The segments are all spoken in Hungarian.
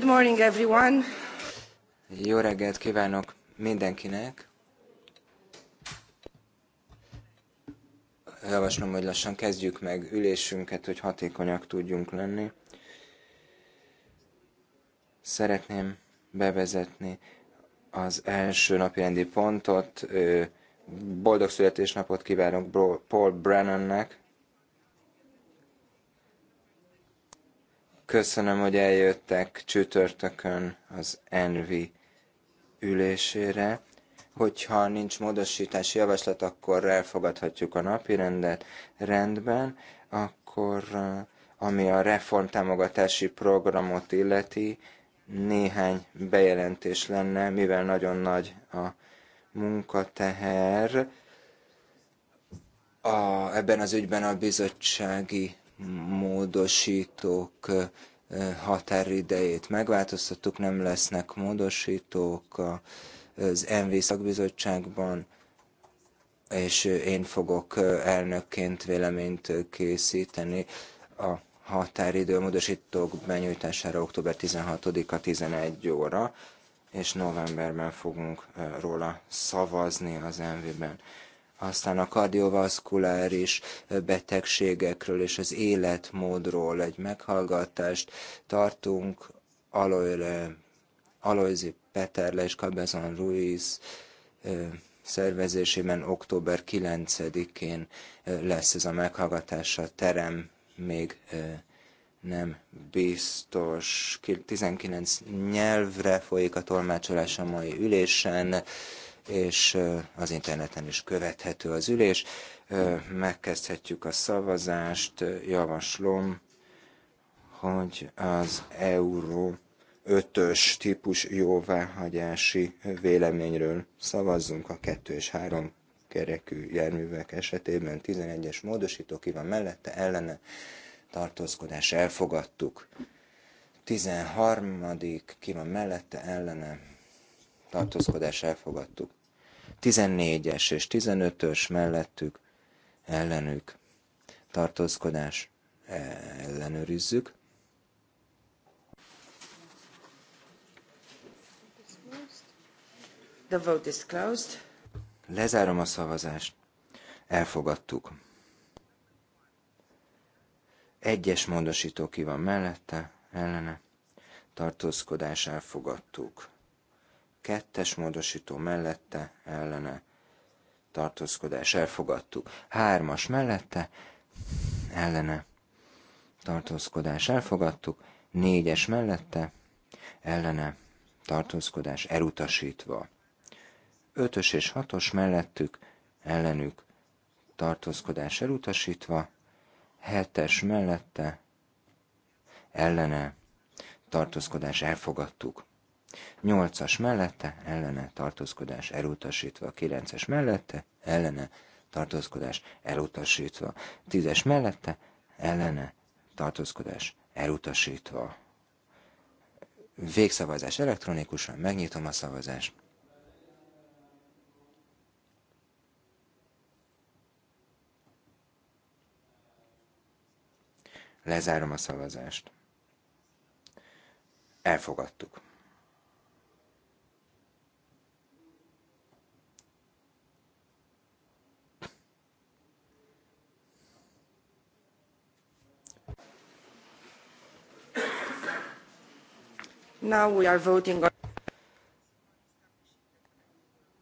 Good morning, everyone. Jó reggelt kívánok mindenkinek. Javaslom, hogy lassan kezdjük meg ülésünket, hogy hatékonyak tudjunk lenni. Szeretném bevezetni az első napirendi pontot. Boldog születésnapot kívánok Paul Brennannek, Köszönöm, hogy eljöttek csütörtökön az Envi ülésére. Hogyha nincs módosítási javaslat, akkor elfogadhatjuk a napirendet. Rendben, akkor uh, ami a reformtámogatási programot illeti, néhány bejelentés lenne, mivel nagyon nagy a munkateher. A, ebben az ügyben a bizottsági módosítók határidejét megváltoztattuk, nem lesznek módosítók az NV szakbizottságban, és én fogok elnökként véleményt készíteni a határidő módosítók benyújtására október 16-a 11 óra, és novemberben fogunk róla szavazni az MV-ben aztán a kardiovaszkuláris betegségekről és az életmódról egy meghallgatást tartunk. Aloyre, Aloyzi Peterle és Cabezon Ruiz szervezésében október 9-én lesz ez a meghallgatás a terem még nem biztos. 19 nyelvre folyik a tolmácsolás a mai ülésen és az interneten is követhető az ülés. Megkezdhetjük a szavazást. Javaslom, hogy az euró ötös típus jóváhagyási véleményről szavazzunk a 2 és 3 kerekű járművek esetében 11-es módosító ki van mellette, ellene tartózkodás elfogadtuk. 13. ki van mellette, ellene tartózkodás elfogadtuk. 14-es és 15-ös mellettük, ellenük, tartózkodás e, ellenőrizzük. The vote is closed. Lezárom a szavazást. Elfogadtuk. Egyes módosító ki van mellette, ellene. Tartózkodás elfogadtuk. Kettes módosító mellette, ellene, tartózkodás, elfogadtuk. Hármas mellette, ellene, tartózkodás, elfogadtuk. Négyes mellette, ellene, tartózkodás, elutasítva. Ötös és hatos mellettük, ellenük, tartózkodás elutasítva, hetes mellette, ellene, tartózkodás elfogadtuk. 8-as mellette ellene tartózkodás elutasítva, 9-es mellette ellene tartózkodás elutasítva, 10-es mellette ellene tartózkodás elutasítva. Végszavazás elektronikusan, megnyitom a szavazást. Lezárom a szavazást. Elfogadtuk.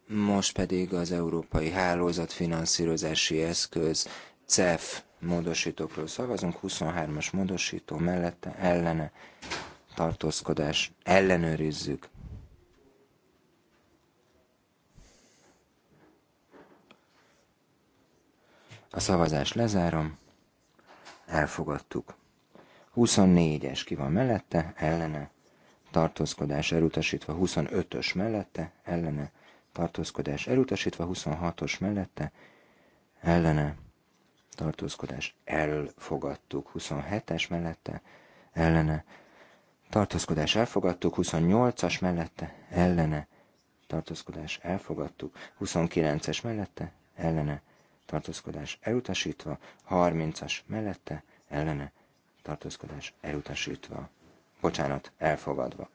Most pedig az Európai Hálózat finanszírozási eszköz CEF módosítókról szavazunk. 23-as módosító mellette ellene tartózkodás ellenőrizzük. A szavazást lezárom. Elfogadtuk. 24-es ki van mellette, ellene tartózkodás elutasítva 25-ös mellette, ellene, tartózkodás elutasítva 26-os mellette, ellene, tartózkodás elfogadtuk 27-es mellette, ellene, tartózkodás elfogadtuk 28-as mellette, ellene, tartózkodás elfogadtuk 29-es mellette, ellene, tartózkodás elutasítva 30-as mellette, ellene, tartózkodás elutasítva bocsánat, elfogadva.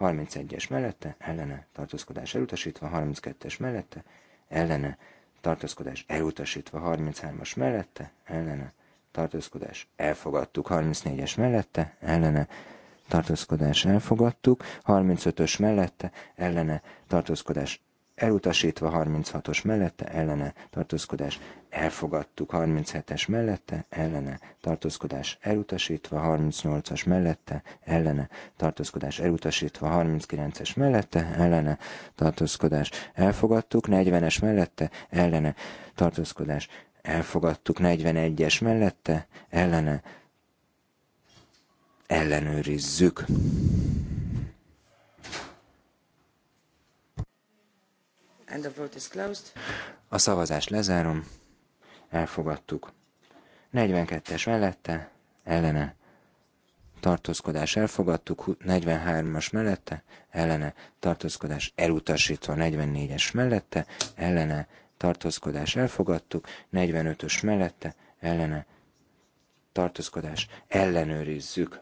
31-es mellette, ellene, tartózkodás elutasítva, 32-es mellette, ellene, tartózkodás elutasítva, 33-as mellette, ellene, tartózkodás elfogadtuk, 34-es mellette, ellene, tartózkodás elfogadtuk, 35-ös mellette, ellene, tartózkodás elutasítva, 36-os mellette, ellene, tartózkodás elfogadtuk 37-es mellette, ellene, tartózkodás elutasítva, 38-as mellette, ellene, tartózkodás elutasítva, 39-es mellette, ellene, tartózkodás elfogadtuk, 40-es mellette, ellene, tartózkodás elfogadtuk, 41-es mellette, ellene, ellenőrizzük. And the vote is closed. A szavazást lezárom elfogadtuk. 42-es mellette, ellene, tartózkodás elfogadtuk, 43-as mellette, ellene, tartózkodás elutasítva, 44-es mellette, ellene, tartózkodás elfogadtuk, 45-ös mellette, ellene, tartózkodás ellenőrizzük.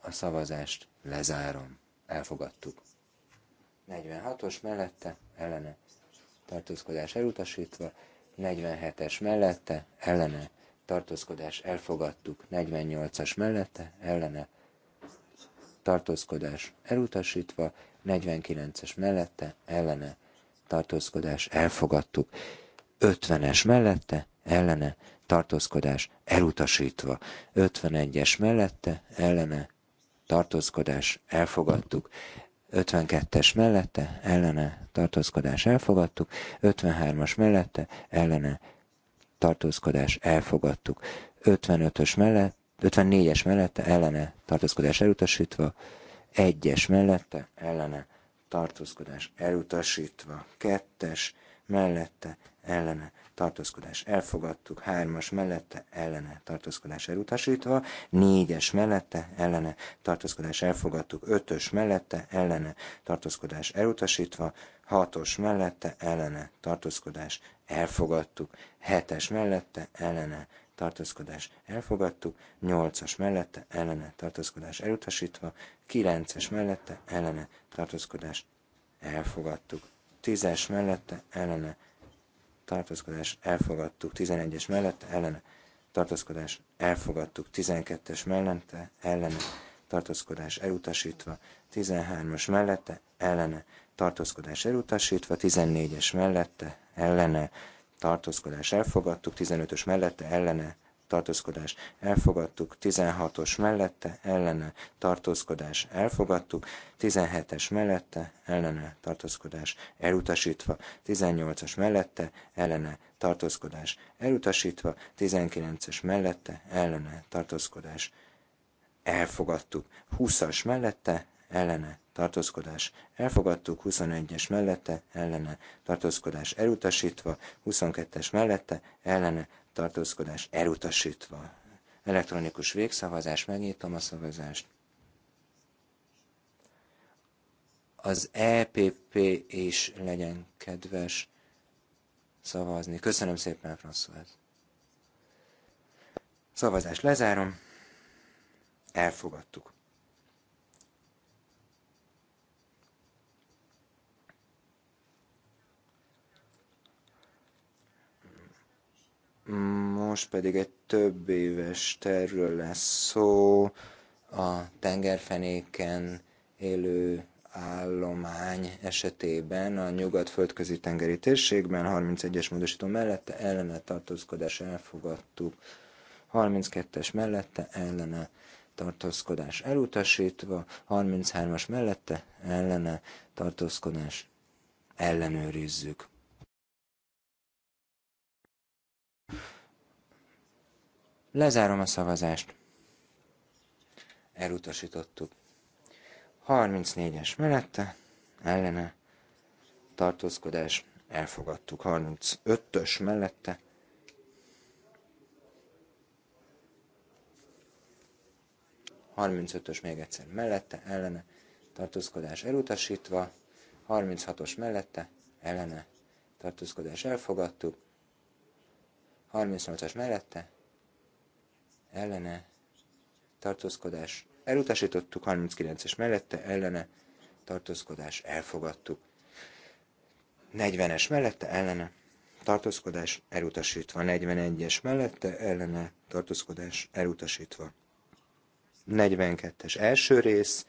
A szavazást lezárom. Elfogadtuk. 46-os mellette ellene tartózkodás elutasítva, 47-es mellette ellene tartózkodás elfogadtuk, 48-as mellette ellene tartózkodás elutasítva, 49-es mellette ellene tartózkodás elfogadtuk, 50-es mellette ellene tartózkodás elutasítva, 51-es mellette ellene tartózkodás elfogadtuk, 52-es mellette, ellene tartózkodás elfogadtuk, 53-as mellette, ellene tartózkodás elfogadtuk, 55-ös mellette, 54-es mellette, ellene tartózkodás elutasítva, 1-es mellette, ellene tartózkodás elutasítva, 2-es mellette, ellene tartózkodás elfogadtuk, hármas mellette ellene tartózkodás elutasítva, négyes mellette ellene tartózkodás elfogadtuk, ötös mellette ellene tartózkodás elutasítva, hatos mellette ellene tartózkodás elfogadtuk, hetes mellette ellene tartózkodás elfogadtuk, nyolcas mellette ellene tartózkodás elutasítva, kilences mellette ellene tartózkodás elfogadtuk, tízes mellette ellene tartózkodás elfogadtuk 11-es mellette, ellene tartózkodás elfogadtuk 12-es mellette, ellene tartózkodás elutasítva 13-as mellette, ellene tartózkodás elutasítva 14-es mellette, ellene tartózkodás elfogadtuk 15-ös mellette, ellene tartózkodás elfogadtuk, 16-os mellette, ellene tartózkodás elfogadtuk, 17-es mellette, ellene tartózkodás elutasítva, 18-as mellette, ellene tartózkodás elutasítva, 19-es mellette, ellene tartózkodás elfogadtuk, 20-as mellette, ellene tartózkodás elfogadtuk, 21-es mellette ellene tartózkodás elutasítva, 22-es mellette ellene tartózkodás elutasítva. Elektronikus végszavazás, megnyitom a szavazást. Az EPP is legyen kedves szavazni. Köszönöm szépen, François. Szavazást lezárom. Elfogadtuk. Most pedig egy több éves tervről lesz szó a tengerfenéken élő állomány esetében a nyugat-földközi tengeri térségben 31-es módosító mellette ellene tartózkodás elfogadtuk, 32-es mellette ellene tartózkodás elutasítva, 33-as mellette ellene tartózkodás ellenőrizzük. Lezárom a szavazást. Elutasítottuk. 34-es mellette, ellene, tartózkodás, elfogadtuk. 35-ös mellette, ...35-ös még egyszer mellette, ellene, tartózkodás elutasítva, 36-os mellette, ellene, tartózkodás elfogadtuk, 38-as mellette, ellene tartózkodás elutasítottuk, 39-es mellette ellene tartózkodás elfogadtuk. 40-es mellette ellene tartózkodás elutasítva, 41-es mellette ellene tartózkodás elutasítva. 42-es első rész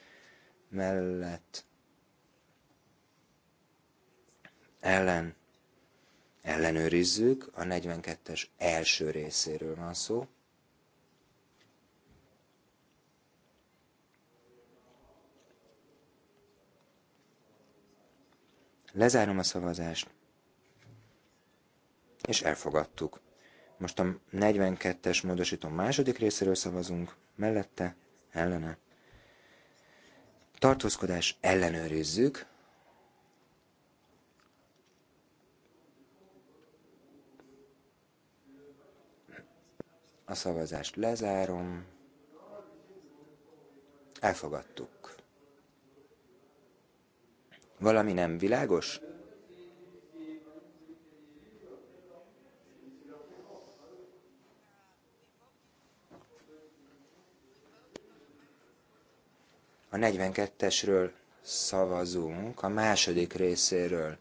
mellett ellen ellenőrizzük, a 42-es első részéről van szó. Lezárom a szavazást. És elfogadtuk. Most a 42-es módosítom második részéről szavazunk, mellette, ellene. Tartózkodás ellenőrizzük. A szavazást lezárom. Elfogadtuk. Valami nem világos? A 42-esről szavazunk, a második részéről.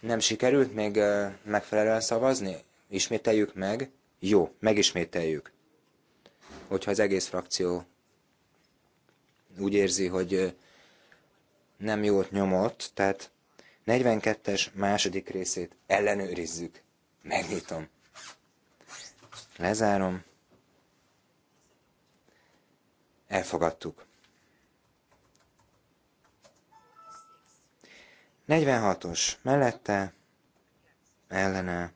Nem sikerült még megfelelően szavazni? Ismételjük meg? Jó, megismételjük. Hogyha az egész frakció úgy érzi, hogy nem jót nyomott, tehát 42-es második részét ellenőrizzük. Megnyitom. Lezárom. Elfogadtuk. 46-os mellette, ellene,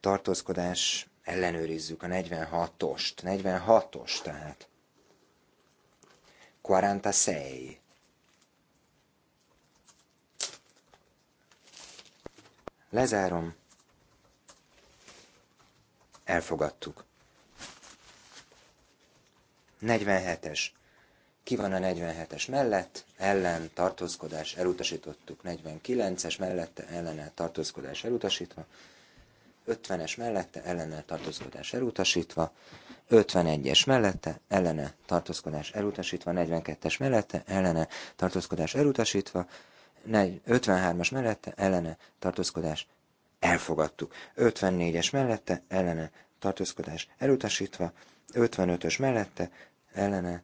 tartózkodás, ellenőrizzük a 46-ost. 46-os tehát. 46. Lezárom. Elfogadtuk. 47-es. Ki van a 47-es mellett? Ellen, tartózkodás, elutasítottuk. 49-es mellette, ellen tartózkodás, elutasítva. 50-es mellette ellene tartózkodás elutasítva, 51-es mellette ellene tartózkodás elutasítva, 42-es mellette ellene tartózkodás elutasítva, 53-as mellette ellene tartózkodás elfogadtuk, 54-es mellette ellene tartózkodás elutasítva, 55-ös mellette ellene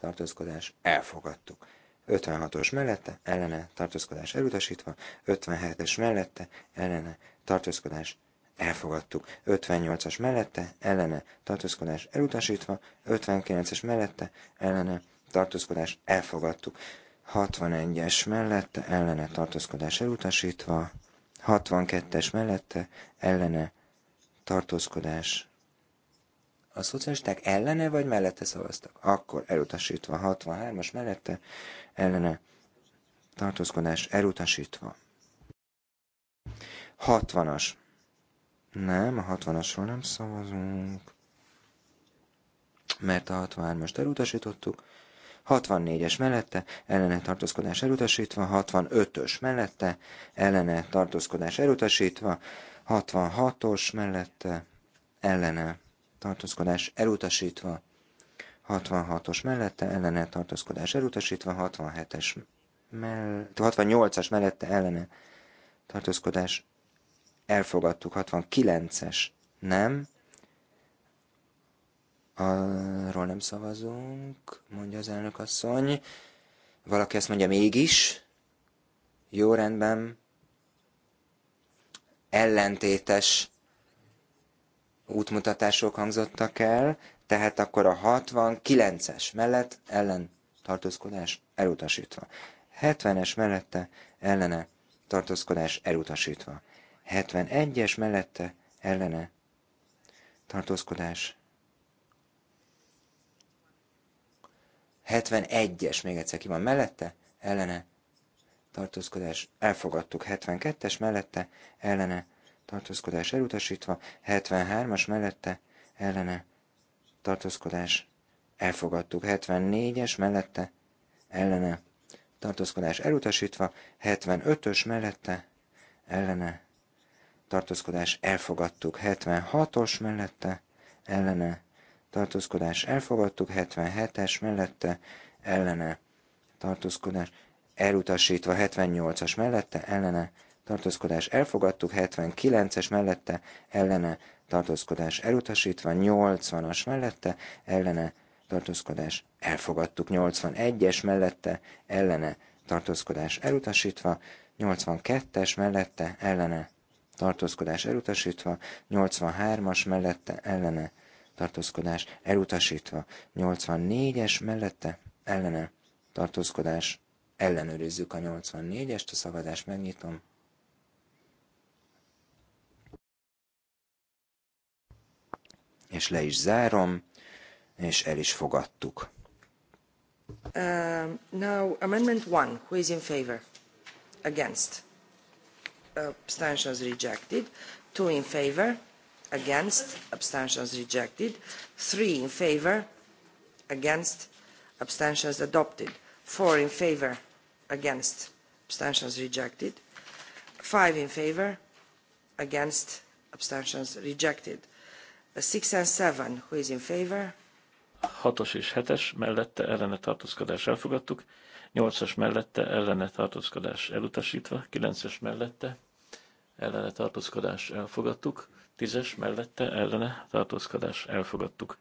tartózkodás elfogadtuk. 56-os mellette, ellene tartózkodás elutasítva, 57-es mellette, ellene tartózkodás elfogadtuk. 58-as mellette, ellene, tartózkodás elutasítva, 59-es mellette, ellene, tartózkodás elfogadtuk. 61-es mellette, ellene, tartózkodás elutasítva, 62-es mellette, ellene, tartózkodás a szocialisták ellene vagy mellette szavaztak? Akkor elutasítva 63-as mellette, ellene tartózkodás elutasítva. 60-as nem, a 60-asról nem szavazunk, mert a 63-ast elutasítottuk. 64-es mellette, ellene tartózkodás elutasítva, 65-ös mellette, ellene tartózkodás elutasítva, 66-os mellette, ellene tartózkodás elutasítva, 66-os mellette, ellene tartózkodás elutasítva, 67-es mell... 68-as mellette, ellene tartózkodás elfogadtuk, 69-es, nem, arról nem szavazunk, mondja az elnök asszony. Valaki ezt mondja mégis. Jó, rendben. Ellentétes útmutatások hangzottak el, tehát akkor a 69-es mellett ellen tartózkodás elutasítva. 70-es mellette ellene tartózkodás elutasítva. 71-es mellette ellene tartózkodás. 71-es még egyszer ki van mellette, ellene tartózkodás elfogadtuk, 72-es mellette ellene tartózkodás elutasítva, 73-as mellette ellene tartózkodás elfogadtuk, 74-es mellette ellene tartózkodás elutasítva, 75-ös mellette ellene tartózkodás elfogadtuk 76-os mellette, ellene tartózkodás elfogadtuk 77-es mellette, ellene tartózkodás elutasítva 78-as mellette, ellene tartózkodás elfogadtuk 79-es mellette, ellene tartózkodás elutasítva 80-as mellette, ellene tartózkodás elfogadtuk 81-es mellette, ellene tartózkodás elutasítva 82-es mellette, ellene tartózkodás elutasítva, 83-as mellette ellene tartózkodás elutasítva, 84-es mellette ellene tartózkodás ellenőrizzük a 84-est, a szavazást megnyitom. És le is zárom, és el is fogadtuk. Uh, now, amendment one, who is in favor? Against? Uh, abstentions rejected. Two in favor, against, abstentions rejected. Three in favor, against, abstentions adopted. Four in favor, against, abstentions rejected. Five in favor, against, abstentions rejected. Uh, six and seven, who is in favor? Hatos és hetes mellette ellene tartózkodás elfogadtuk. 8-as mellette ellene tartózkodás elutasítva, 9-es mellette ellene tartózkodás elfogadtuk, 10-es mellette ellene tartózkodás elfogadtuk,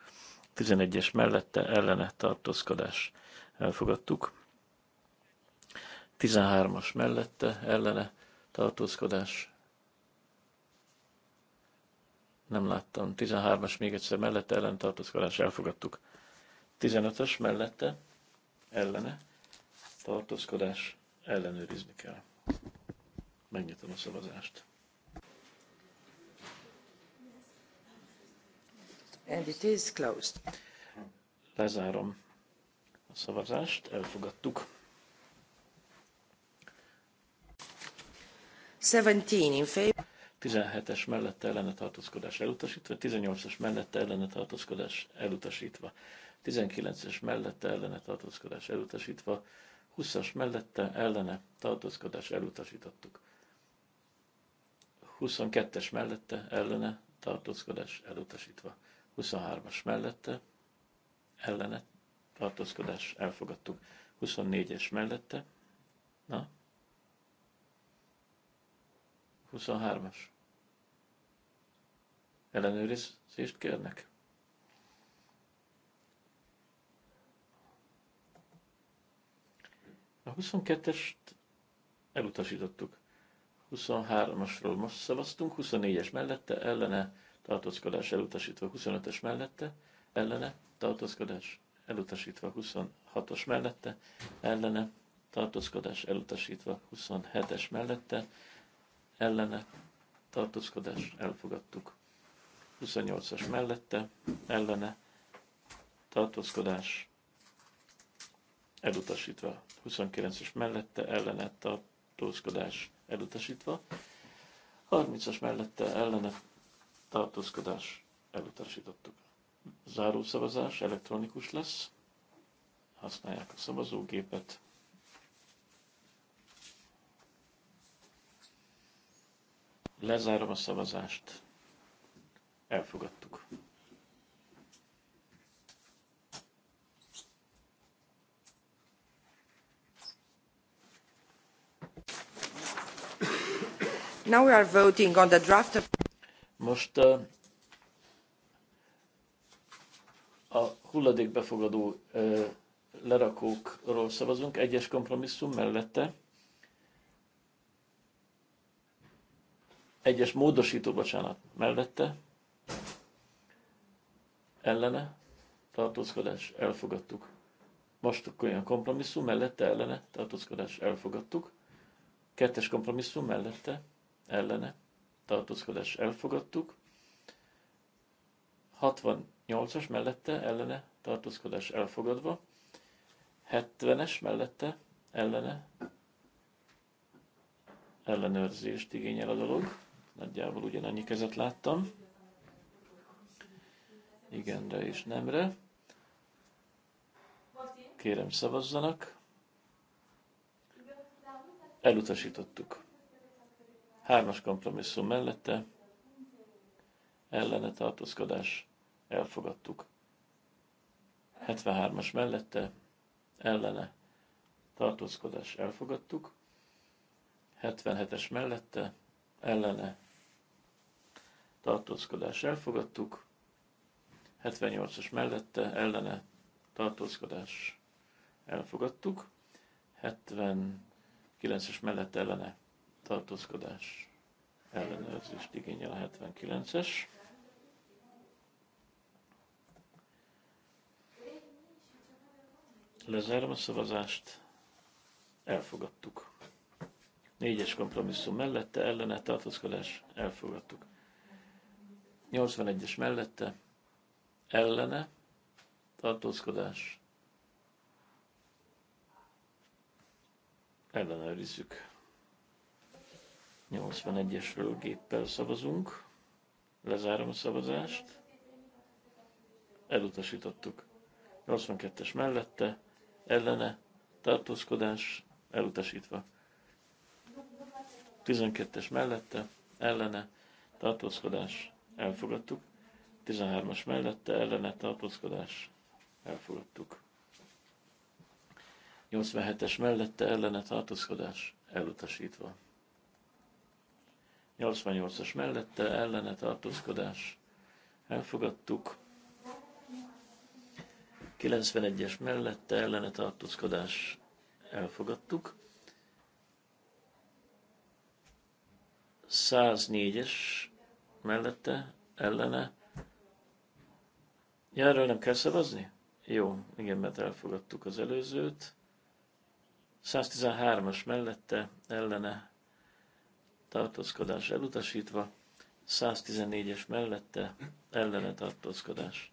11-es mellette ellene tartózkodás elfogadtuk, 13-as mellette ellene tartózkodás nem láttam. 13-as még egyszer mellette ellen tartózkodás elfogadtuk. 15-ös mellette ellene tartózkodás ellenőrizni kell. Megnyitom a szavazást. And it is closed. Lezárom a szavazást, elfogadtuk. 17-es mellette ellene tartózkodás elutasítva, 18-as mellette ellene tartózkodás elutasítva, 19-es mellette ellene tartózkodás elutasítva, 20-as mellette ellene tartózkodás elutasítottuk. 22-es mellette ellene tartózkodás elutasítva. 23-as mellette ellene tartózkodás elfogadtuk. 24-es mellette, na, 23-as. Ellenőrizést kérnek? A 22-est elutasítottuk. 23-asról most szavaztunk, 24-es mellette, ellene, tartózkodás elutasítva, 25-es mellette, ellene, tartózkodás elutasítva, 26-os mellette, ellene, tartózkodás elutasítva, 27-es mellette, ellene, tartózkodás elfogadtuk. 28-as mellette, ellene, tartózkodás elutasítva. 29-es mellette a tartózkodás elutasítva. 30-as mellette a tartózkodás elutasítottuk. Záró szavazás elektronikus lesz. Használják a szavazógépet. Lezárom a szavazást. Elfogadtuk. Now we are voting on the draft Most a hulladékbefogadó lerakókról szavazunk, egyes kompromisszum mellette. Egyes módosító, bocsánat, mellette. Ellene. Tartózkodás. Elfogadtuk. Most akkor olyan kompromisszum, mellette, ellene. Tartózkodás. Elfogadtuk. Kettes kompromisszum mellette ellene tartózkodás elfogadtuk. 68-as mellette ellene tartózkodás elfogadva. 70-es mellette ellene ellenőrzést igényel a dolog. Nagyjából ugyanannyi kezet láttam. Igenre és nemre. Kérem szavazzanak. Elutasítottuk. Hármas kompromisszum mellette ellene tartózkodás elfogadtuk. 73-as mellette ellene tartózkodás elfogadtuk. 77-es mellette ellene tartózkodás elfogadtuk. 78-as mellette ellene tartózkodás elfogadtuk. 79-es mellette ellene tartózkodás ellenőrzést igényel a 79-es. Lezárom a szavazást, elfogadtuk. Négyes kompromisszum mellette, ellene tartózkodás, elfogadtuk. 81-es mellette, ellene tartózkodás, ellenőrizzük. 81-esről géppel szavazunk. Lezárom a szavazást. Elutasítottuk. 82-es mellette, ellene, tartózkodás, elutasítva. 12-es mellette, ellene, tartózkodás, elfogadtuk. 13-as mellette, ellene, tartózkodás, elfogadtuk. 87-es mellette, ellene, tartózkodás, elutasítva. 88-as mellette ellene tartózkodás elfogadtuk. 91-es mellette ellene tartózkodás elfogadtuk. 104-es mellette ellene. Ja, erről nem kell szavazni? Jó, igen, mert elfogadtuk az előzőt. 113-as mellette ellene tartózkodás elutasítva, 114-es mellette ellene tartózkodás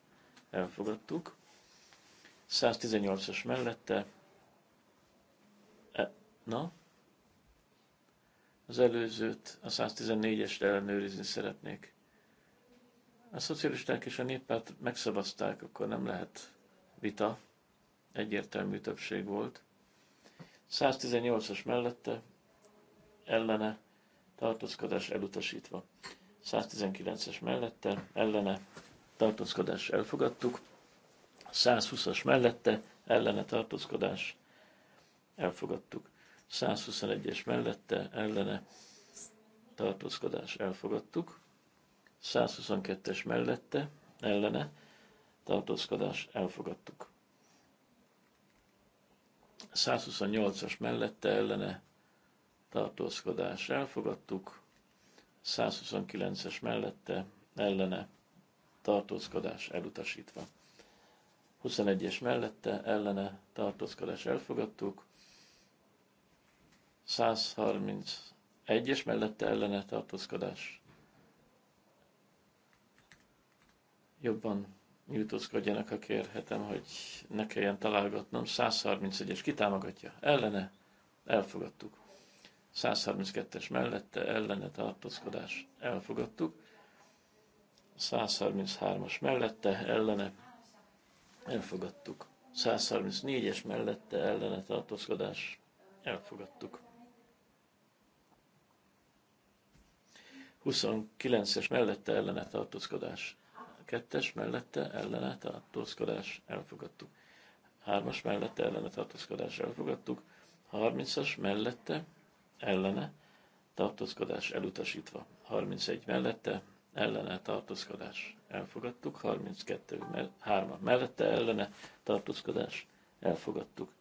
elfogadtuk, 118-as mellette, e, na, az előzőt, a 114-est ellenőrizni szeretnék. A szocialisták és a néppárt megszavazták, akkor nem lehet vita, egyértelmű többség volt. 118-as mellette, ellene tartózkodás elutasítva. 119-es mellette, ellene tartózkodás elfogadtuk. 120-as mellette, ellene tartózkodás elfogadtuk. 121-es mellette, ellene tartózkodás elfogadtuk. 122-es mellette, ellene tartózkodás elfogadtuk. 128-as mellette ellene tartózkodás elfogadtuk, 129-es mellette ellene tartózkodás elutasítva. 21-es mellette ellene tartózkodás elfogadtuk, 131-es mellette ellene tartózkodás. Jobban nyújtózkodjanak, ha kérhetem, hogy ne kelljen találgatnom. 131-es kitámogatja, ellene elfogadtuk. 132-es mellette ellene tartózkodás elfogadtuk. 133-as mellette ellene elfogadtuk. 134-es mellette ellene tartózkodás elfogadtuk. 29-es mellette ellene tartózkodás. 2-es mellette ellene tartózkodás elfogadtuk. 3-as mellette ellene tartózkodás elfogadtuk. 30-as mellette ellene, tartózkodás elutasítva. 31 mellette, ellene tartózkodás elfogadtuk, 32 3 mellette ellene tartózkodás elfogadtuk.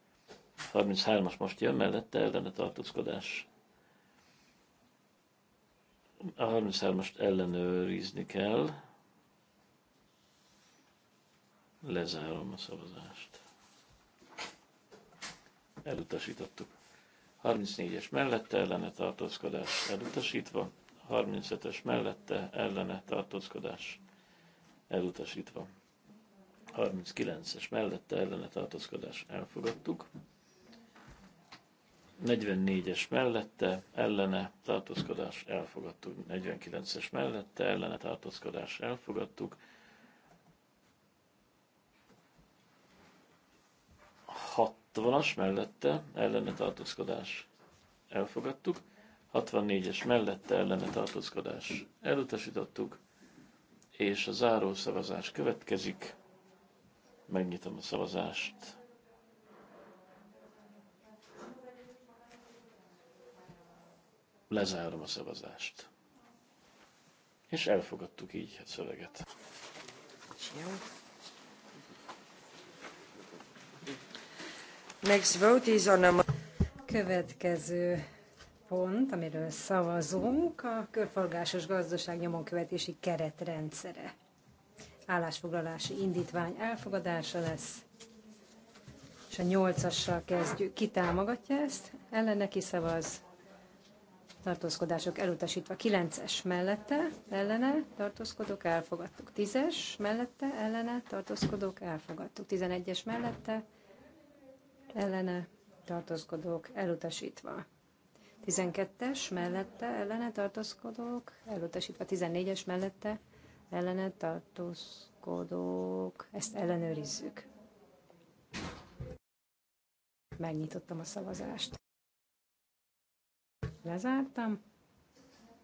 33-as most jön mellette ellene tartózkodás. A 33-ast ellenőrizni kell. Lezárom a szavazást. Elutasítottuk. 34-es mellette ellene tartózkodás elutasítva, 35 es mellette ellene tartózkodás elutasítva, 39-es mellette ellene tartózkodás elfogadtuk, 44-es mellette ellene tartózkodás elfogadtuk, 49-es mellette ellene tartózkodás elfogadtuk, vonas mellette ellene tartózkodás elfogadtuk, 64-es mellette ellene tartózkodás elutasítottuk, és a záró szavazás következik. Megnyitom a szavazást. Lezárom a szavazást. És elfogadtuk így a szöveget. Csináljunk. Next vote is a... Következő pont, amiről szavazunk, a körforgásos gazdaság nyomonkövetési keretrendszere. Állásfoglalási indítvány elfogadása lesz, és a nyolcassal kezdjük. Ki támogatja ezt? Ellene szavaz Tartózkodások elutasítva. Kilences mellette, ellene, tartózkodók, elfogadtuk. Tízes mellette, ellene, tartózkodók, elfogadtuk. Tizenegyes mellette, ellene tartózkodók elutasítva. 12-es mellette ellene tartózkodók elutasítva. 14-es mellette ellene tartózkodók. Ezt ellenőrizzük. Megnyitottam a szavazást. Lezártam,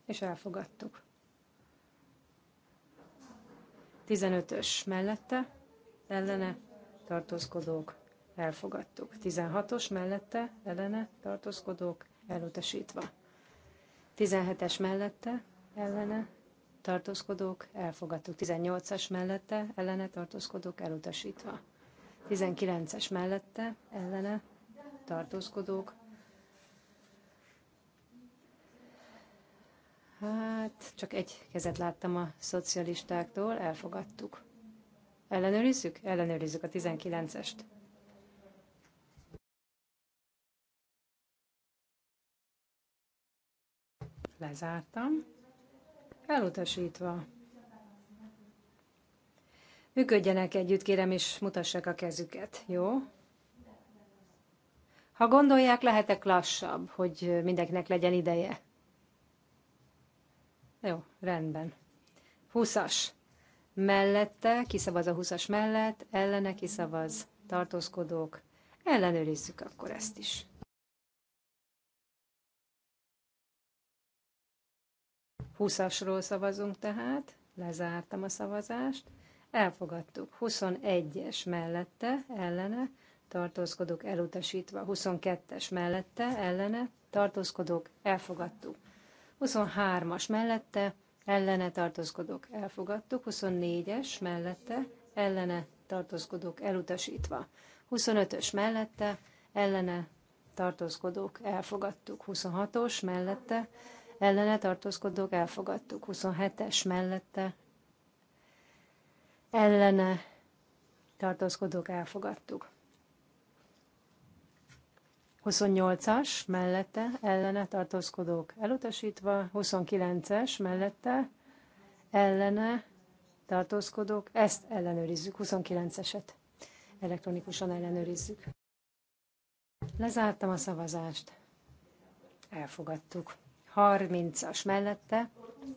és elfogadtuk. 15-ös mellette ellene tartózkodók elfogadtuk. 16-os mellette ellene tartózkodók elutasítva. 17-es mellette ellene tartózkodók elfogadtuk. 18-as mellette ellene tartózkodók elutasítva. 19-es mellette ellene tartózkodók. Hát, csak egy kezet láttam a szocialistáktól, elfogadtuk. Ellenőrizzük? Ellenőrizzük a 19-est. lezártam, elutasítva. Működjenek együtt, kérem, és mutassák a kezüket, jó? Ha gondolják, lehetek lassabb, hogy mindenkinek legyen ideje. Jó, rendben. 20 Mellette, kiszavaz a 20 mellett, ellene kiszavaz, tartózkodók. Ellenőrizzük akkor ezt is. 20-asról szavazunk tehát, lezártam a szavazást, elfogadtuk. 21-es mellette, ellene, tartózkodok elutasítva. 22-es mellette, ellene, tartózkodok, elfogadtuk. 23-as mellette, ellene tartózkodok, elfogadtuk. 24-es mellette, ellene tartózkodok, elutasítva. 25-ös mellette, ellene tartózkodók elfogadtuk. 26-os mellette, ellene tartózkodók elfogadtuk. 27-es mellette ellene tartózkodók elfogadtuk. 28-as mellette ellene tartózkodók elutasítva, 29-es mellette ellene tartózkodók, ezt ellenőrizzük, 29-eset elektronikusan ellenőrizzük. Lezártam a szavazást, elfogadtuk. 30-as mellette,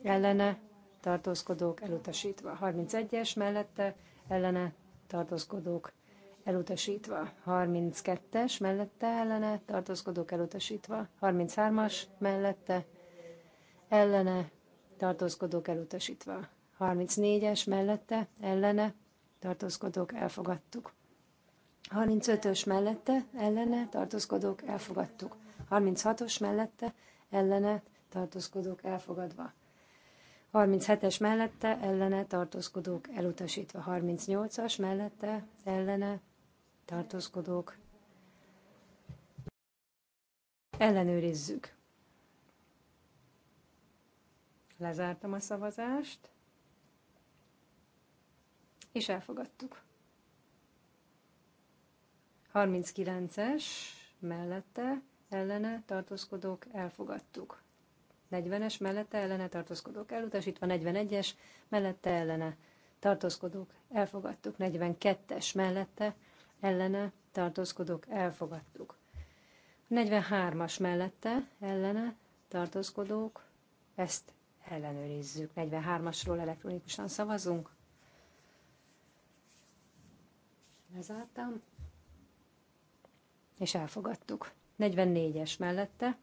ellene tartózkodók elutasítva. 31-es mellette, ellene tartózkodók elutasítva. 32-es mellette, ellene tartózkodók elutasítva. 33-as mellette, ellene tartózkodók elutasítva. 34-es mellette, ellene tartózkodók elfogadtuk. 35-ös mellette, ellene tartózkodók elfogadtuk. 36-os mellette, ellene tartózkodók elfogadva. 37-es mellette ellene tartózkodók elutasítva. 38-as mellette ellene tartózkodók ellenőrizzük. Lezártam a szavazást, és elfogadtuk. 39-es mellette ellene tartózkodók elfogadtuk. 40-es mellette ellene tartózkodók elutasítva, 41-es mellette ellene tartózkodók elfogadtuk, 42-es mellette ellene tartózkodók elfogadtuk. 43-as mellette ellene tartózkodók, ezt ellenőrizzük. 43-asról elektronikusan szavazunk. Lezártam, és elfogadtuk. 44-es mellette,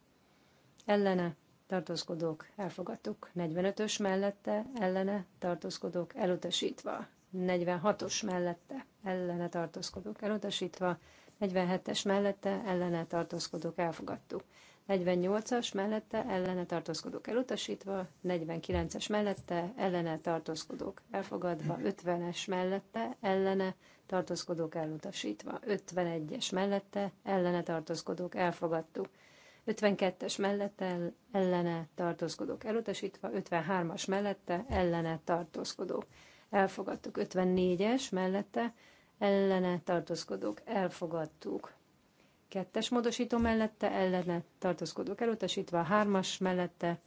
ellene tartózkodók elfogadtuk, 45-ös mellette, ellene tartózkodók elutasítva, 46-os mellette, ellene tartózkodók elutasítva, 47-es mellette, ellene tartózkodók elfogadtuk, 48-as mellette ellene tartózkodók elutasítva, 49-es mellette ellene tartózkodók elfogadva, 50-es mellette ellene tartózkodók elutasítva, 51-es mellette ellene tartózkodók elfogadtuk, 52-es mellette ellene tartózkodók elutasítva, 53-as mellette ellene tartózkodók elfogadtuk, 54-es mellette ellene tartózkodók elfogadtuk kettes módosító mellette ellene tartózkodók elutasítva, hármas mellette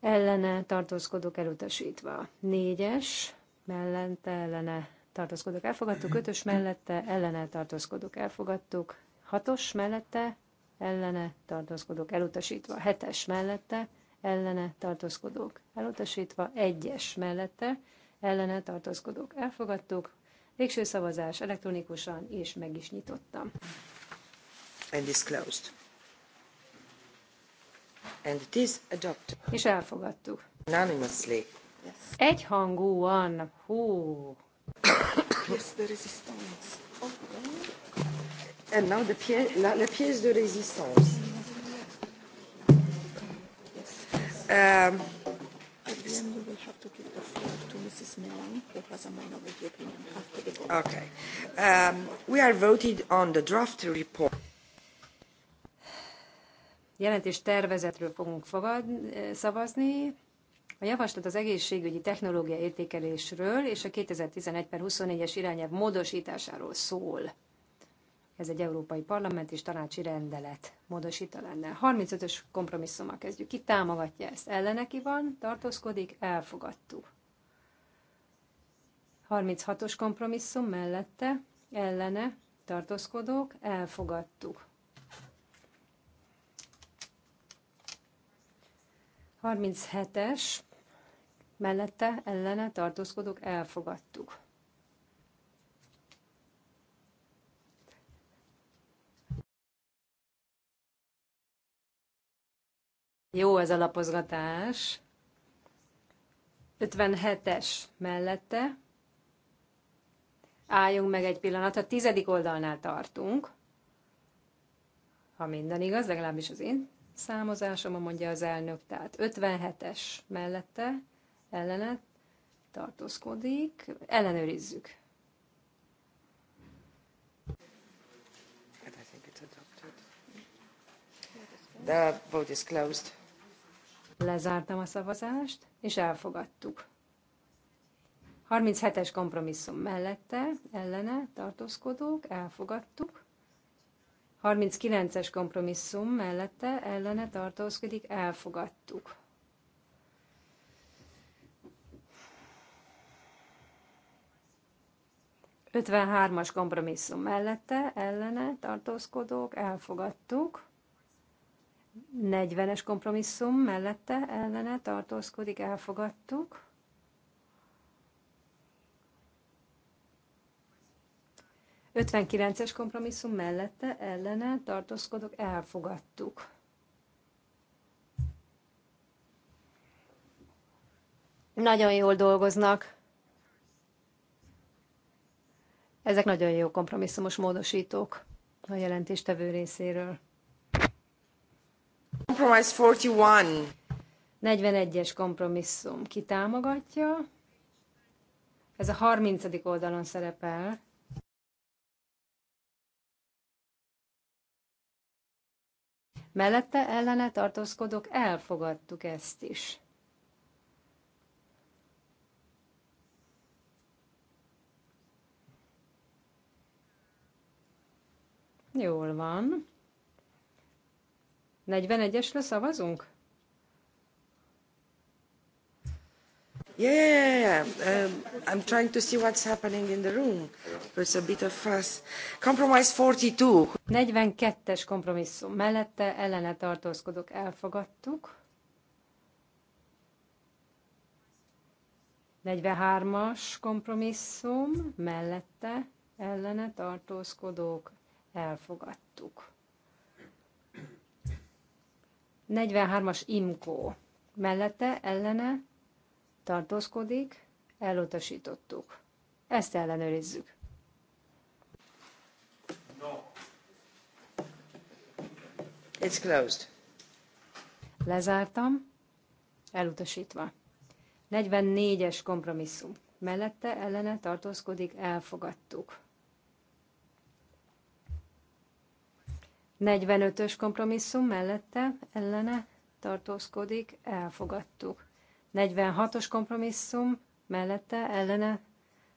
ellene tartózkodók elutasítva, négyes mellette ellene tartózkodók elfogadtuk, ötös mellette ellene tartózkodók elfogadtuk, hatos mellette ellene tartózkodók elutasítva, hetes mellette ellene tartózkodók elutasítva, egyes mellette ellene tartózkodók elfogadtuk, Végső szavazás elektronikusan, és meg is nyitottam and is closed. And it is adopted. És elfogadtuk. Unanimously. Yes. hangúan. Hú. yes, the resistance. Okay. And now the pièce, la, la pièce de résistance. Um, Okay. Um, we are voted on the draft report jelentés tervezetről fogunk fogad, eh, szavazni. A javaslat az egészségügyi technológia értékelésről és a 2011 per 24-es irányelv módosításáról szól. Ez egy Európai Parlament és Tanácsi Rendelet módosítva lenne. 35-ös kompromisszummal kezdjük. Ki támogatja ezt? Elleneki van, tartózkodik, elfogadtuk. 36-os kompromisszum mellette, ellene, tartózkodók, elfogadtuk. 37-es mellette ellene tartózkodók elfogadtuk. Jó ez a lapozgatás. 57-es mellette. Álljunk meg egy pillanat, a tizedik oldalnál tartunk. Ha minden igaz, legalábbis az én számozásomra mondja az elnök, tehát 57-es mellette ellenet tartózkodik, ellenőrizzük. The vote is closed. Lezártam a szavazást, és elfogadtuk. 37-es kompromisszum mellette, ellene tartózkodók, elfogadtuk. 39-es kompromisszum mellette ellene tartózkodik, elfogadtuk. Ötvenhármas kompromisszum mellette ellene tartózkodók, elfogadtuk. 40-es kompromisszum mellette ellene tartózkodik, elfogadtuk. 59-es kompromisszum mellette ellene tartózkodok, elfogadtuk. Nagyon jól dolgoznak. Ezek nagyon jó kompromisszumos módosítók a jelentéstevő részéről. Compromise 41. 41-es kompromisszum. Ki támogatja? Ez a 30. oldalon szerepel. mellette ellene tartózkodok, elfogadtuk ezt is. Jól van. 41-esre szavazunk? Yeah, yeah, yeah. Um, I'm trying to see what's happening in the room. It's a bit of fuss. Compromise 42. 42-es kompromisszum. Mellette ellene tartózkodok. Elfogadtuk. 43-as kompromisszum. Mellette ellene tartózkodók. Elfogadtuk. 43-as imkó. Mellette ellene tartózkodik, elutasítottuk. Ezt ellenőrizzük. It's closed. Lezártam, elutasítva. 44-es kompromisszum. Mellette ellene tartózkodik, elfogadtuk. 45-ös kompromisszum mellette ellene tartózkodik, elfogadtuk. 46-os kompromisszum mellette ellene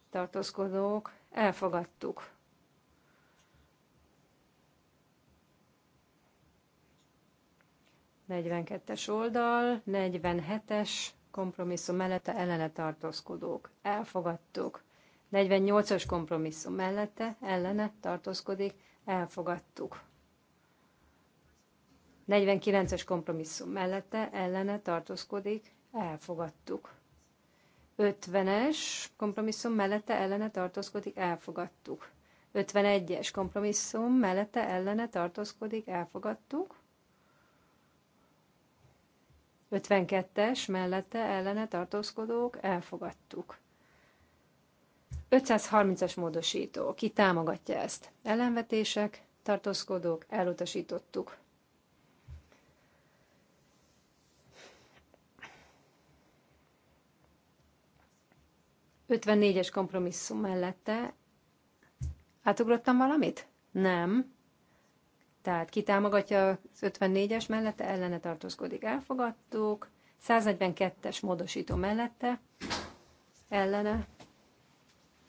tartózkodók elfogadtuk. Negyvenkettes oldal, 47-es kompromisszum mellette ellene tartózkodók. Elfogadtuk. 48-as kompromisszum mellette ellene tartózkodik. Elfogadtuk. 49-es kompromisszum mellette ellene tartózkodik elfogadtuk. 50-es kompromisszum mellette ellene tartózkodik, elfogadtuk. 51-es kompromisszum mellette ellene tartózkodik, elfogadtuk. 52-es mellette ellene tartózkodók, elfogadtuk. 530-as módosító. Ki támogatja ezt? Ellenvetések, tartózkodók, elutasítottuk. 54-es kompromisszum mellette átugrottam valamit? Nem. Tehát ki támogatja az 54-es mellette, ellene tartózkodik, elfogadtuk. 142-es módosító mellette, ellene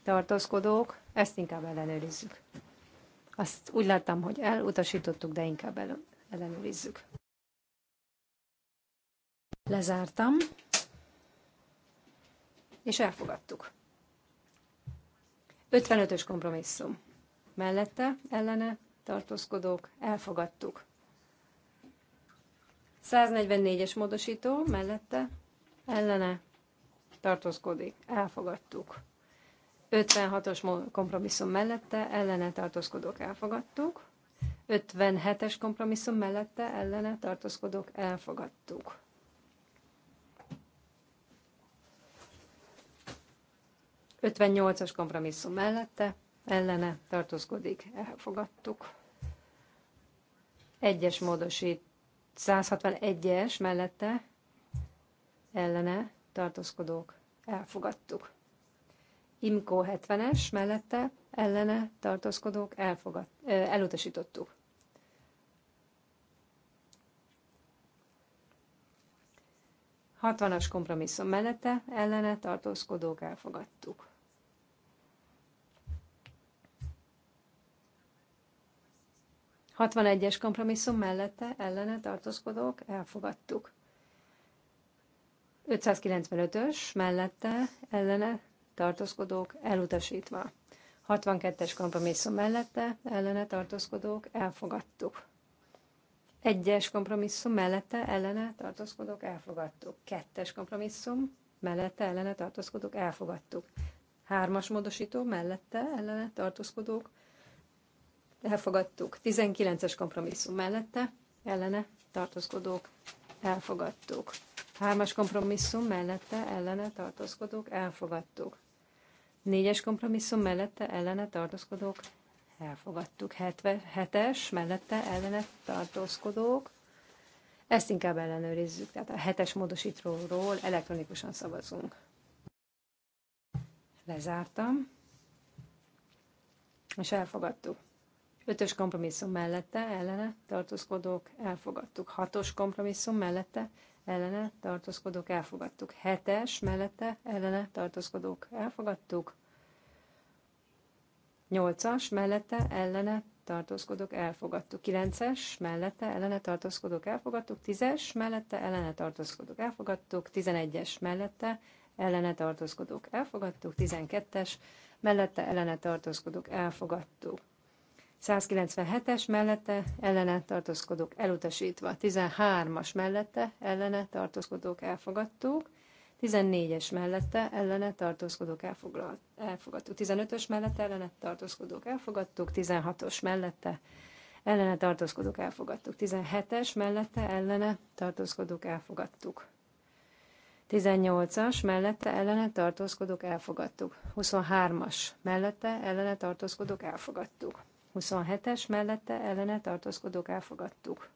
tartózkodók, ezt inkább ellenőrizzük. Azt úgy láttam, hogy elutasítottuk, de inkább ellenőrizzük. Lezártam és elfogadtuk. 55-ös kompromisszum. Mellette, ellene, tartózkodók, elfogadtuk. 144-es módosító, mellette, ellene, tartózkodik, elfogadtuk. 56-os kompromisszum mellette, ellene tartózkodók, elfogadtuk. 57-es kompromisszum mellette ellene tartózkodók elfogadtuk. 58-as kompromisszum mellette, ellene tartózkodik, elfogadtuk. Egyes módosít, 161-es mellette, ellene tartózkodók, elfogadtuk. Imkó 70-es mellette, ellene tartózkodók, elfogad, elutasítottuk. Hatvanas kompromisszum mellette, ellene tartózkodók elfogadtuk. 61-es kompromisszum mellette ellene tartózkodók elfogadtuk. 595-ös mellette ellene tartózkodók elutasítva. 62-es kompromisszum mellette ellene tartózkodók elfogadtuk. 1-es kompromisszum mellette ellene tartózkodók elfogadtuk. 2-es kompromisszum mellette ellene tartózkodók elfogadtuk. 3-as módosító mellette ellene tartózkodók elfogadtuk elfogadtuk. 19-es kompromisszum mellette, ellene tartózkodók, elfogadtuk. 3-as kompromisszum mellette, ellene tartózkodók, elfogadtuk. Négyes kompromisszum mellette, ellene tartózkodók, elfogadtuk. 7 es mellette, ellene tartózkodók, ezt inkább ellenőrizzük, tehát a hetes módosítóról elektronikusan szavazunk. Lezártam, és elfogadtuk. Ötös kompromisszum mellette, ellene tartózkodók, elfogadtuk. Hatos kompromisszum mellette, ellene tartózkodók, elfogadtuk. Hetes mellette, ellene tartózkodók, elfogadtuk. Nyolcas mellette, ellene tartózkodók, elfogadtuk. Kilences mellette, ellene tartózkodók, elfogadtuk. Tízes mellette, ellene tartózkodók, elfogadtuk. Tizenegyes mellette, ellene tartózkodók, elfogadtuk. Tizenkettes mellette, ellene tartózkodók, elfogadtuk. 197-es mellette ellene tartózkodók elutasítva, 13-as mellette ellene tartózkodók elfogadtuk, 14-es mellette ellene tartózkodók elfogadtuk, 15-ös mellette ellene tartózkodók elfogadtuk, 16-os mellette ellene tartózkodók elfogadtuk, 17-es mellette ellene tartózkodók elfogadtuk. 18-as, mellette ellene tartózkodók elfogadtuk. 23-as, mellette ellene tartózkodók elfogadtuk. 27-es mellette ellene tartózkodók elfogadtuk.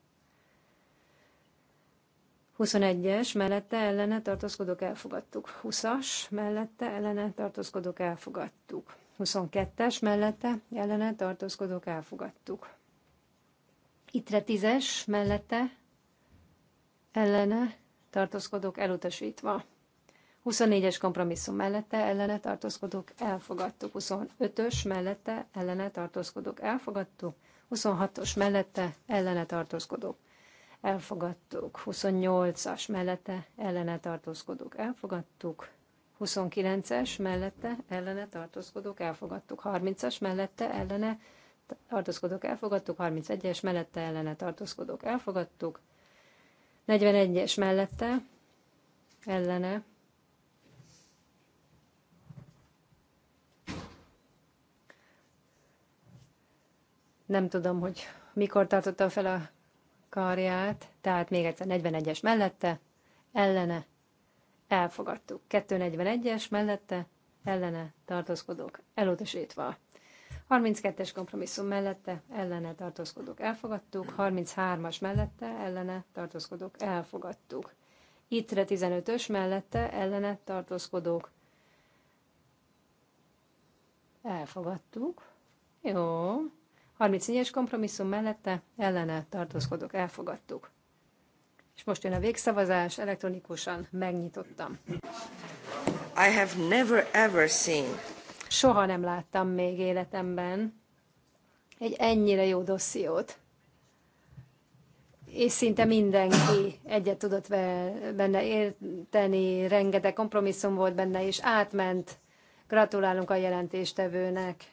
21-es mellette ellene tartózkodók elfogadtuk. 20-as mellette ellene tartózkodók elfogadtuk. 22-es mellette ellene tartózkodók elfogadtuk. Itre 10-es mellette ellene tartózkodók elutasítva. 24-es kompromisszum mellette ellene tartózkodók elfogadtuk. 25-ös mellette ellene tartózkodók elfogadtuk. 26-os mellette ellene tartózkodók elfogadtuk. 28-as mellette ellene tartózkodók elfogadtuk. 29-es mellette ellene tartózkodók elfogadtuk. 30-as mellette ellene tartózkodók elfogadtuk. 31-es mellette ellene tartózkodók elfogadtuk. 41-es mellette ellene Nem tudom, hogy mikor tartotta fel a karját, tehát még egyszer 41-es mellette, ellene, elfogadtuk. 241-es mellette, ellene, tartózkodók, elutasítva. 32-es kompromisszum mellette, ellene, tartózkodók, elfogadtuk. 33-as mellette, ellene, tartózkodók, elfogadtuk. Ittre 15-ös mellette, ellene, tartózkodók, elfogadtuk. Jó, 34-es kompromisszum mellette ellene tartózkodok, elfogadtuk. És most jön a végszavazás, elektronikusan megnyitottam. I have never ever seen. Soha nem láttam még életemben egy ennyire jó dossziót. És szinte mindenki egyet tudott benne érteni, rengeteg kompromisszum volt benne, és átment. Gratulálunk a jelentéstevőnek.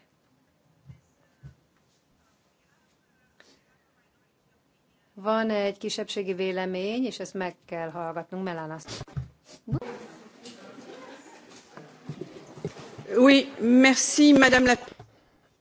Van egy kisebbségi vélemény, és ezt meg kell hallgatnunk. Melán azt. Oui, merci, madame la...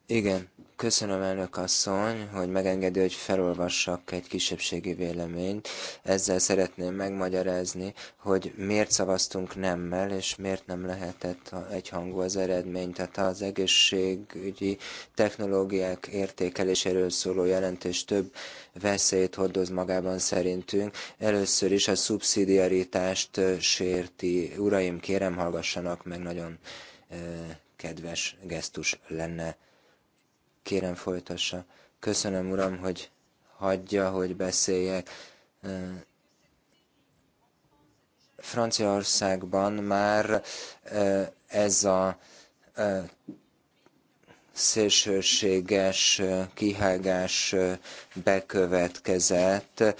Igen, Köszönöm, elnök asszony, hogy megengedi, hogy felolvassak egy kisebbségi véleményt. Ezzel szeretném megmagyarázni, hogy miért szavaztunk nemmel, és miért nem lehetett egyhangú az eredmény. Tehát az egészségügyi technológiák értékeléséről szóló jelentés több veszélyt hordoz magában szerintünk. Először is a szubszidiaritást sérti. Uraim, kérem, hallgassanak meg, nagyon kedves gesztus lenne Kérem folytassa. Köszönöm, uram, hogy hagyja, hogy beszéljek. Franciaországban már ez a szélsőséges kihágás bekövetkezett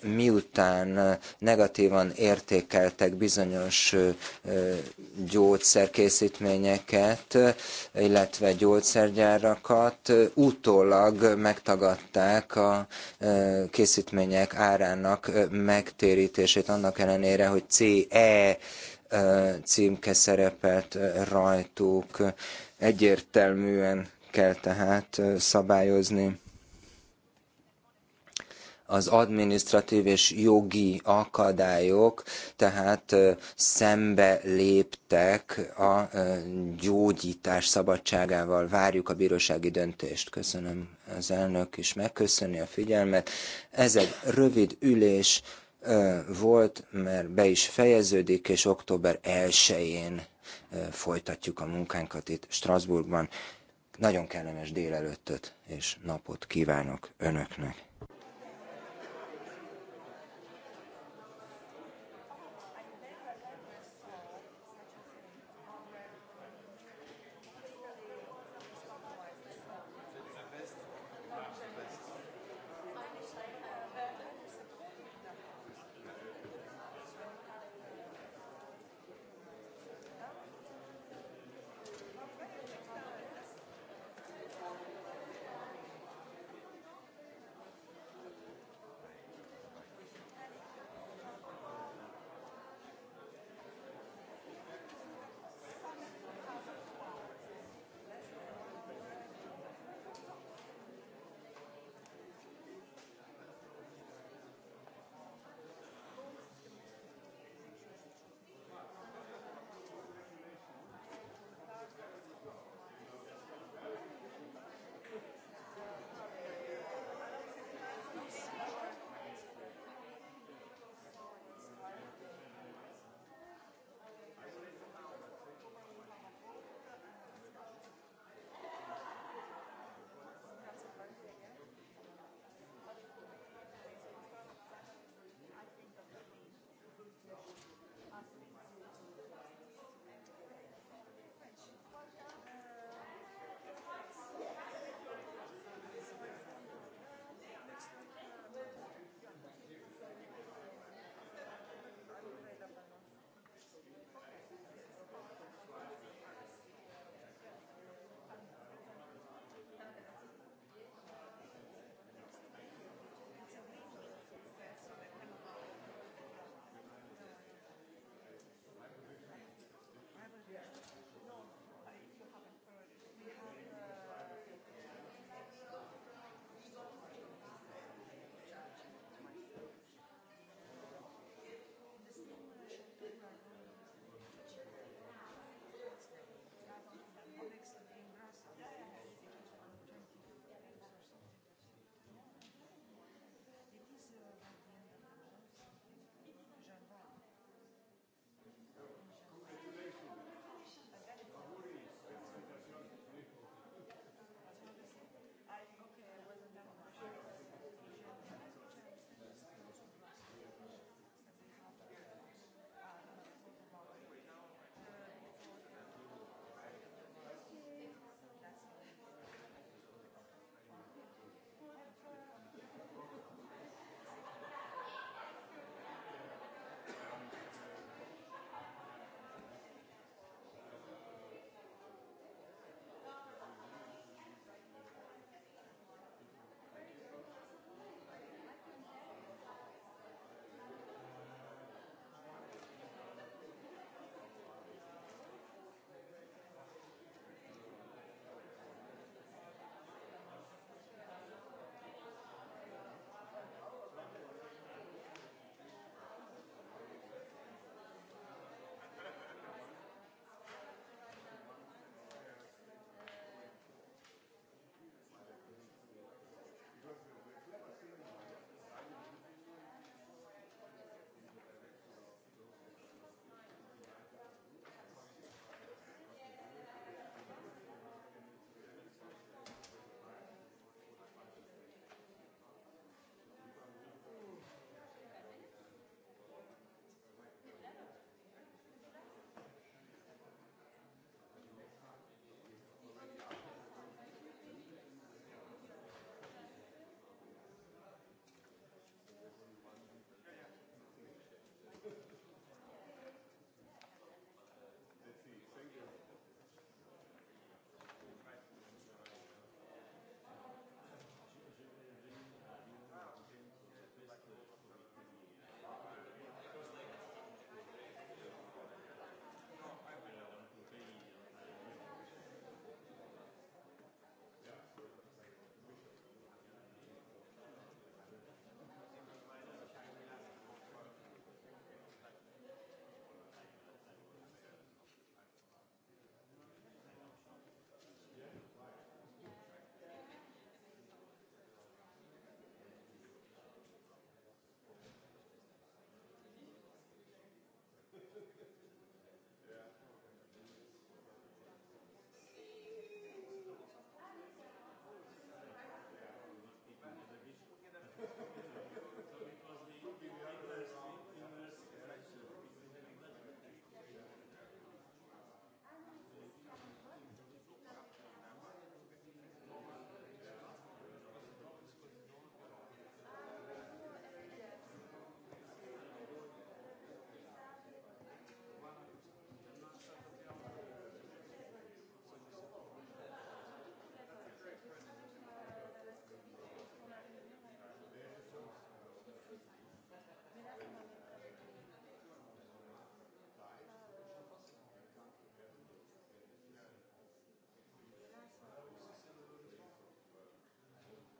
miután negatívan értékeltek bizonyos gyógyszerkészítményeket, illetve gyógyszergyárakat, utólag megtagadták a készítmények árának megtérítését, annak ellenére, hogy CE címke szerepelt rajtuk. Egyértelműen kell tehát szabályozni az administratív és jogi akadályok tehát szembe léptek a gyógyítás szabadságával. Várjuk a bírósági döntést. Köszönöm az elnök is megköszöni a figyelmet. Ez egy rövid ülés volt, mert be is fejeződik, és október 1-én folytatjuk a munkánkat itt Strasbourgban. Nagyon kellemes délelőttöt és napot kívánok önöknek!